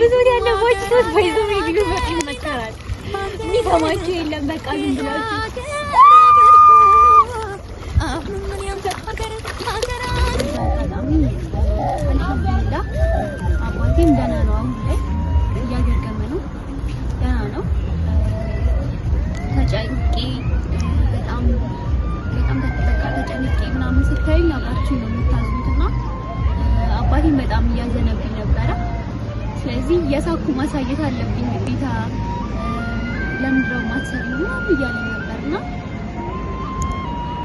ብዙ ያለቦች ሰት በይዞ ቢሉ በቃ ይመከራል። የሚሰማችሁ የለም በቃ ዝም ብላችሁ አባቴም ደህና ነው። አሁን ነው፣ ደህና ነው። በጣም በጣም ነው የምታዝኑት እና አባቴም በጣም እያዘነብኝ ስለዚህ የሳኩ ማሳየት አለብኝ ግዴታ ለምድረው ማሰሪ ነው ብያለ ነበርና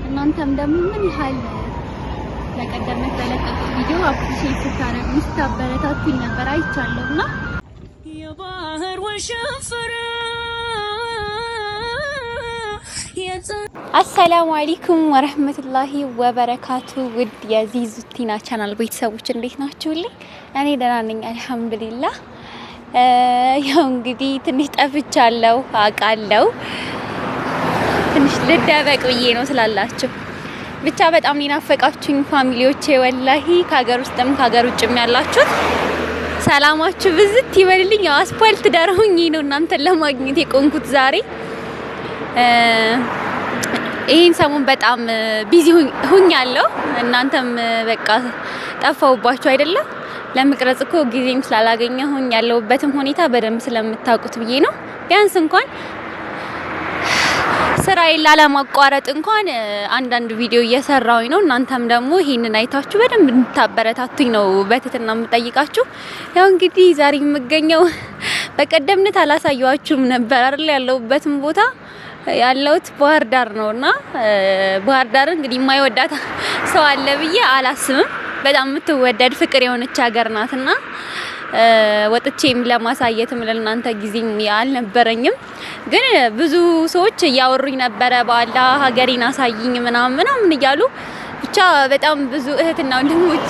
እናንተም ደግሞ ምን ያህል ለቀደመት በለቀቁት ቪዲዮ አፕሪሼት ስታረጉኝ ስታበረታቱኝ ነበር አይቻለሁ አይቻለሁና የባህር ወሽፍራ አሰላሙ አለይኩም ወረህመቱላሂ ወበረካቱ። ውድ የዚዙቲና ቻናል ቤተሰቦች እንዴት ናችሁልኝ? እኔ ደህና ነኝ አልሐምዱሊላህ። ያው እንግዲህ ትንሽ ጠፍቻለሁ አውቃለሁ። ትንሽ ልደበቅ ብዬ ነው ስላላችሁ ብቻ በጣም ናፈቃችሁኝ ፋሚሊዎቼ፣ ወላሂ ከሀገር ውስጥም ከሀገር ውጭም ያላችሁት ሰላማችሁ ብዝት ይበልልኝ። ያው አስፓልት ዳር ሆኜ ነው እናንተን ለማግኘት የቆንኩት ዛሬ ይህን ሰሞን በጣም ቢዚ ሁኝ ያለው እናንተም በቃ ጠፋውባችሁ አይደለም። ለመቅረጽ እኮ ጊዜም ሁኝ ያለሁበትም ሁኔታ በደንብ ስለምታውቁት ብዬ ነው። ቢያንስ እንኳን ስራዬን ላለማቋረጥ እንኳን አንዳንድ ቪዲዮ እየሰራሁኝ ነው። እናንተም ደግሞ ይህንን አይታችሁ በደንብ እንድታበረታቱኝ ነው በትትና የምጠይቃችሁ። ያው እንግዲህ ዛሬ የምገኘው በቀደምነት አላሳየኋችሁም ነበር አይደል ያለሁበትም ቦታ ያለሁት ባህር ዳር ነው እና ባህር ዳር እንግዲህ የማይወዳት ሰው አለ ብዬ አላስብም። በጣም የምትወደድ ፍቅር የሆነች ሀገር ናትና ወጥቼም ለማሳየትም ለእናንተ ጊዜም አልነበረኝም። ግን ብዙ ሰዎች እያወሩኝ ነበረ በኋላ ሀገሬን አሳይኝ ምናምን ምናምን እያሉ ብቻ በጣም ብዙ እህትና ወንድሞች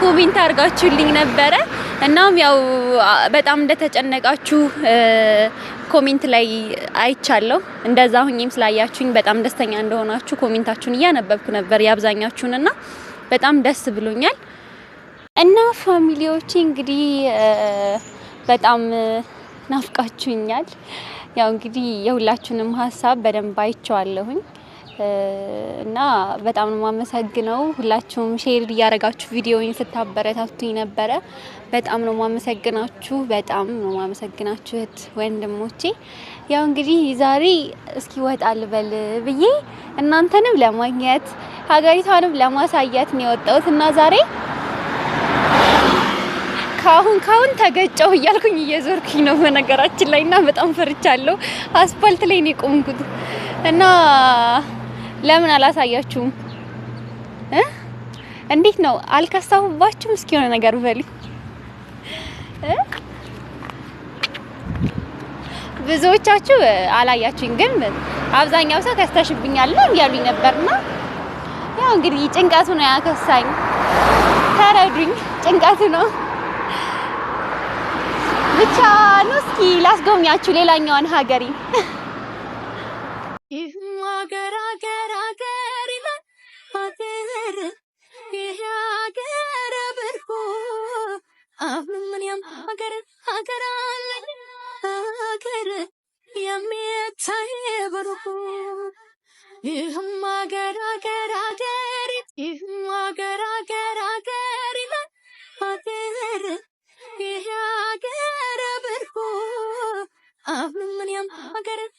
ኮሜንት አድርጋችሁልኝ ነበረ። እናም ያው በጣም እንደተጨነቃችሁ ኮሜንት ላይ አይቻለሁ። እንደዛ ሁኝም ስላያችሁኝ በጣም ደስተኛ እንደሆናችሁ ኮሜንታችሁን እያነበብኩ ነበር የአብዛኛችሁን እና በጣም ደስ ብሎኛል እና ፋሚሊዎች እንግዲህ በጣም ናፍቃችሁኛል። ያው እንግዲህ የሁላችሁንም ሀሳብ በደንብ አይቼዋለሁኝ። እና በጣም ነው የማመሰግነው። ሁላችሁም ሼር እያደረጋችሁ ቪዲዮውን ስታበረታቱኝ ነበረ። በጣም ነው የማመሰግናችሁ። በጣም ነው የማመሰግናችሁ እህት ወንድሞቼ። ያው እንግዲህ ዛሬ እስኪ ወጣ ልበል ብዬ እናንተንም ለማግኘት ሀገሪቷንም ለማሳየት ነው የወጣሁት እና ዛሬ ካሁን ካሁን ተገጨው እያልኩኝ እየዞርኩኝ ነው በነገራችን ላይ እና በጣም ፈርቻለሁ። አስፓልት ላይ ነው የቆምኩት እና ለምን አላሳያችሁም? እንዴት ነው አልከሳሁባችሁም? እስኪ የሆነ ነገር በሉ። ብዙዎቻችሁ አላያችሁኝ፣ ግን አብዛኛው ሰው ከስተሽብኛል ነው እያሉኝ ነበርና ያው እንግዲህ ጭንቀቱ ነው ያከሳኝ። ተረዱኝ፣ ጭንቀቱ ነው ብቻ ነው። እስኪ ላስጎብኛችሁ ሌላኛዋን ሀገሪ it.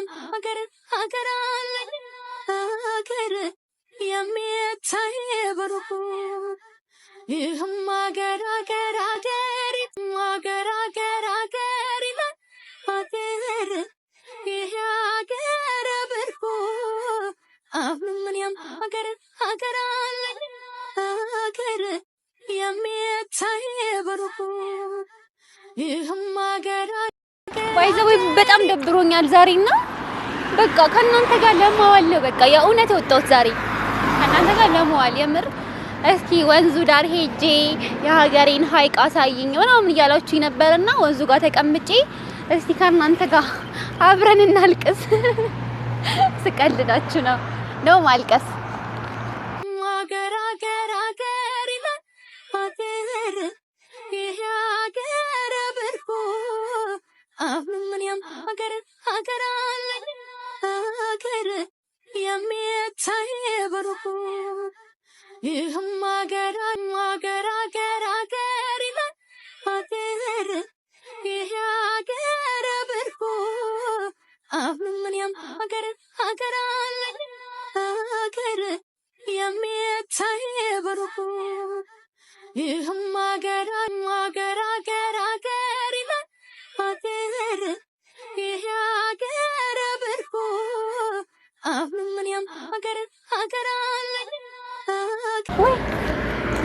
ዓለም አገር አገር አለ አገር የሚታይ ብሩህ ይህም አገር አገር ሀገር አገር አገር ሀገር ይላል ይህ ሀገር ብርኩ አብምንያም ሀገር አገር አለ አገር የሚታይ ብሩህ ይህም ሀገር ባይዘወይ በጣም ደብሮኛል ዛሬና በቃ ከእናንተ ጋር ለማዋል በቃ የእውነት የወጣሁት ዛሬ ከእናንተ ጋር ለማዋል የምር እስኪ ወንዙ ዳር ሄጄ የሀገሬን ሀይቅ አሳይኝ ምናምን እያላችሁ ነበርና ወንዙ ጋር ተቀምጬ እስቲ ከእናንተ ጋር አብረን እናልቅስ። ስቀልዳችሁ ነው ነው ማልቀስ ሀገር 雨后。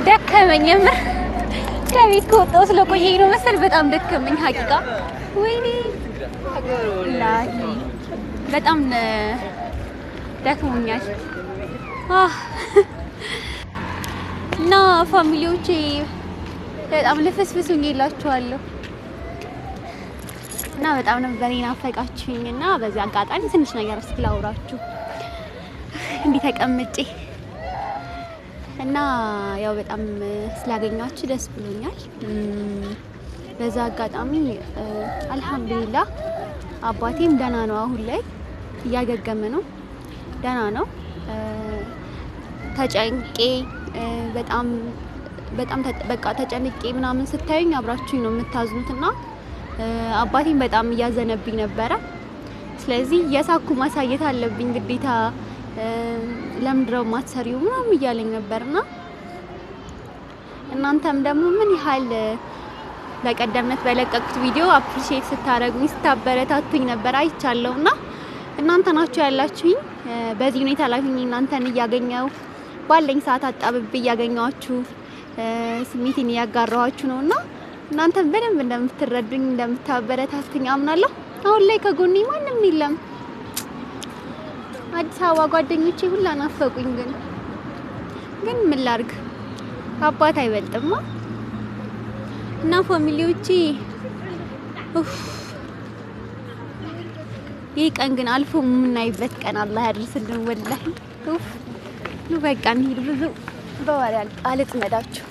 ደከመኝ። የምር ከቤት ከወጣሁ ስለቆየኝ ነው መሰል በጣም ደከመኝ። ሀቂቃ ወይኔ በጣም ደክሞኛል እና ፋሚሊዎቼ በጣም ልፍስፍሱኝ የላችኋለሁ እና በጣም ነበር ናፈቃችሁኝ እና በዚህ አጋጣሚ ትንሽ ነገር እስኪ ላውራችሁ እንዲህ ተቀምጬ እና ያው በጣም ስላገኛችሁ ደስ ብሎኛል። በዛ አጋጣሚ አልሐምዱሊላህ አባቴም ደህና ነው። አሁን ላይ እያገገመ ነው፣ ደህና ነው። ተጨንቄ በጣም በጣም በቃ ተጨንቄ ምናምን ስታዩኝ አብራችሁኝ ነው እና አባቴም በጣም እያዘነብኝ ነበረ። ስለዚህ የሳኩ ማሳየት አለብኝ ግዴታ ለምንድነው ማትሰሪው ምናም እያለኝ ነበርና እናንተም ደግሞ ምን ያህል በቀደምነት በለቀቁት ቪዲዮ አፕሪሼት ስታደረጉኝ ስታበረታቱኝ ነበር እና እናንተ ናችሁ ያላችሁኝ። በዚህ ሁኔታ ላይ እናንተን እያገኘው ባለኝ ሰዓት አጣብብ እያገኘዋችሁ ስሜቴን እያጋራኋችሁ ነውና እናንተን በደንብ እንደምትረዱኝ እንደምታበረታቱኝ አምናለሁ። አሁን ላይ ከጎኔ ማንም የለም። አዲስ አበባ ጓደኞቼ ሁላ ናፈቁኝ። ግን ግን ምን ላርግ አባት አይበልጥማ እና ፋሚሊዎቼ ይህ ቀን ግን አልፎ የምናይበት ቀን አላህ ያድርስልን። ወላሂ ኡፍ፣ ኑ በቃ እንሂድ። ብዙ በወሬ አልጥመዳችሁ።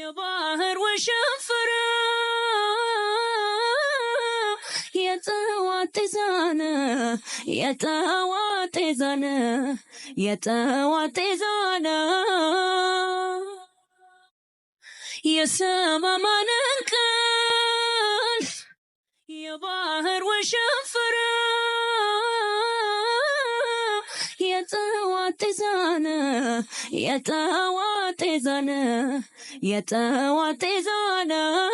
የባህር ወሸንፍራ የጠዋት ጤዛነ የጠዋት ጤዛነ የጠዋት ጤዛነ يا سما ما ننكر يا باهر وشفرة يا زانا يا زانا يا زانا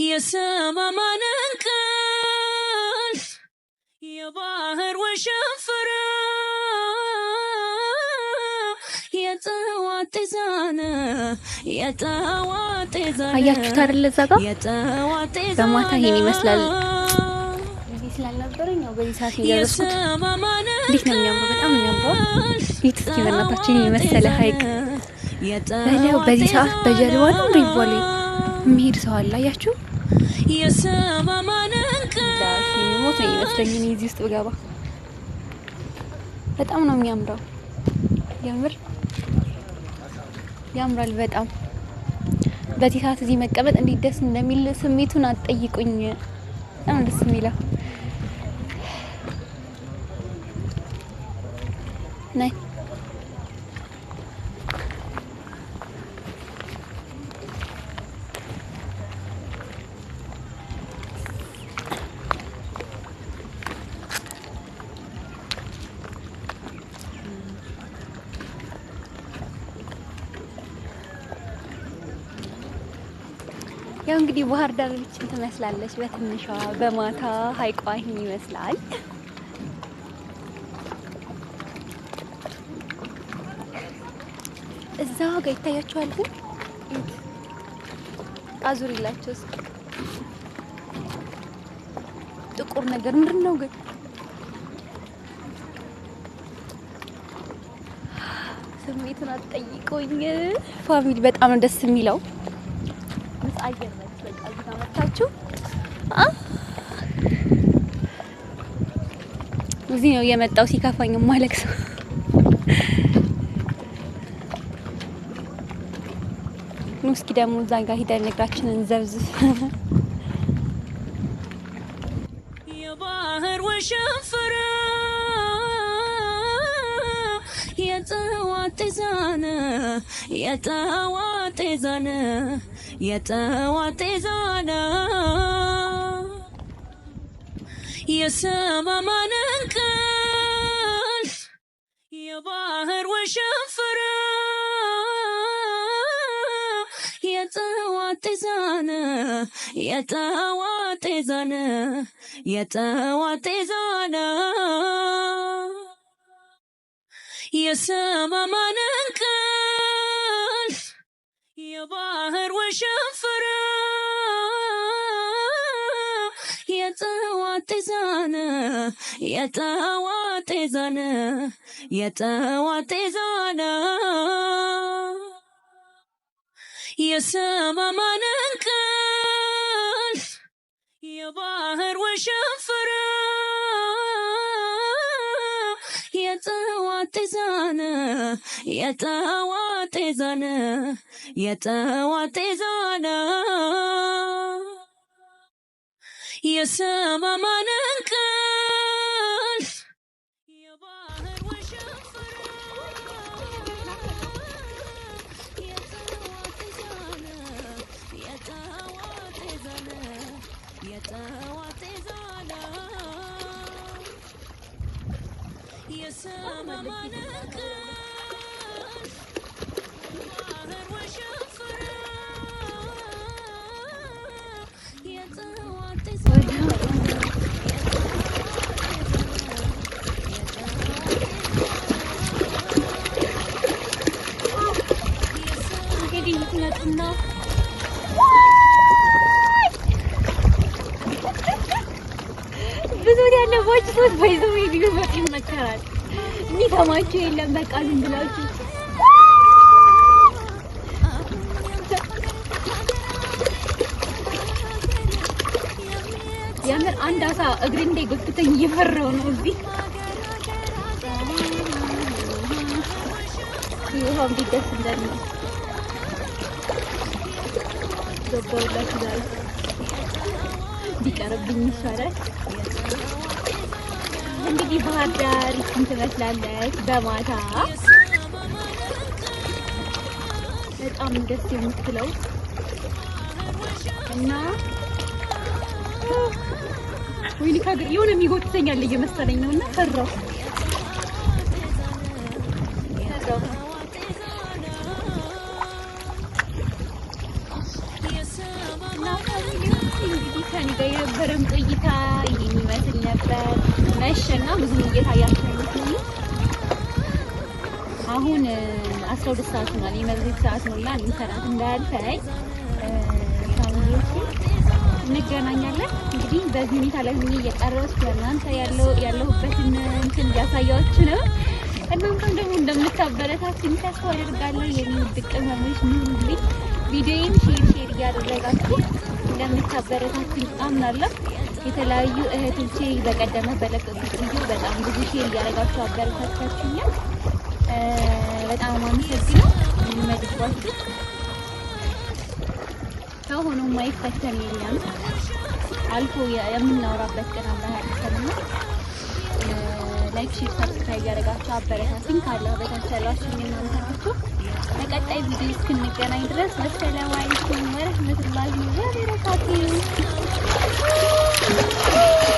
يا سما ما ننكر يا باهر وشفرة አያችሁት አይደል? እዛ ጋር በማታ ይሄን ይመስላል። እንዴት ስላልነበረኝ ነው በዚህ ሰዓት በጀልባ ነው ሪቮ የሚሄድ ሰው አለ። አያችሁ ይመስለኝ እዚህ ውስጥ ብገባ። በጣም ነው የሚያምረው የምር ያምራል በጣም በዚህ ሰዓት እዚህ መቀመጥ እንዴት ደስ እንደሚል ስሜቱን አትጠይቁኝ። በጣም ደስ የሚለው ነይ ያው እንግዲህ ባህር ዳር ብችን ትመስላለች በትንሿ በማታ ሀይቋ ይህን ይመስላል። እዛ ጋር ይታያችኋል። ግን አዙሪላቸው እስኪ ጥቁር ነገር ምንድን ነው ግን? ስሜቱን አትጠይቁኝ ፋሚሊ፣ በጣም ነው ደስ የሚለው። ንጹህ አየር በቃ እዚህ መታችሁ እዚህ ነው የመጣው ሲከፋኝ ማለቅ ሰው እስኪ ደግሞ እዛ ጋር ሂደን እግራችንን ዘብዝፍ። የባህር ወሸንፈረ የጠዋት ጤዛነ የጠዋት ጤዛነ سما ما منكال يا ظاهر وشفرة يا يتواتزانا يتواتزانا يا يسامى منكال يا ظاهر شفرة يتواتزانا يتواتزانا يتواتزانا يا سما منكال يا باهر وشفرة يا يا يتواتزانا የተዋጤዛነ የተዋጤዛነ የሰማማንን ቃል የባህር ወሸፍራ የተዋጤዛነ የተዋጤዛነ የተዋጤዛነ የሰማማንን ቃል የሚሰማቸው የለም። በቃ ዝም ብላችሁ የምር አንድ አሳ እግሬ እንደ ጎትተኝ እየፈራሁ ነው። እዚህ ይኸው ቢደስ እንደምን ገባሁላችሁ ዛሬ ቢቀርብኝ ይሻላል። እንግዲህ ባህር ዳር ይችን ትመስላለች በማታ በጣም ደስ የምትለው እና ወይኔ ከሀገር የሆነ የሚጎትተኛል እየመሰለኝ ነው እና ፈራሁ። ብዙም እየታያችሁ አሁን አስራ ሁለት ሰዓት ሆኗል። የመግቢት ሰዓት ነውና ሰዓት እንዳያልፈኝ እንገናኛለን። እንግዲህ በዚህ ሁኔታ ላይ ሆኜ እየቀረስኩ ለእናንተ ያለሁበትን እንትን እያሳያችሁ ነው። እናንተም ደግሞ እንደምታበረታችሁኝ ተስፋ አደርጋለሁ። የሚወድ ቅመሞች ኑሩልኝ። ቪዲዮዬን ሼር ሼር እያደረጋችሁ እንደምታበረታችሁኝ አምናለሁ። የተለያዩ እህቶቼ በቀደመ በለቀቁት ቪዲዮ በጣም ብዙ ሺ እያደረጋችሁ አበረታታችሁኛል። በጣም አመሰግናለሁ። የሚመድባችሁ ሰው ሆኖ የማይፈተን የለም። አልፎ የምናወራበት ቀን አላህ ያድርሰንና ላይክ፣ ሼር፣ ሰብስክራይብ እያደረጋችሁ አበረታቱኝ። ካላህ በታች ያላችሁ እናንተ ናችሁ። በቀጣይ ቪዲዮ እስክንገናኝ ድረስ ወሰላሙ አለይኩም ወረህመቱላሂ ወበረካቱሁ። Woo!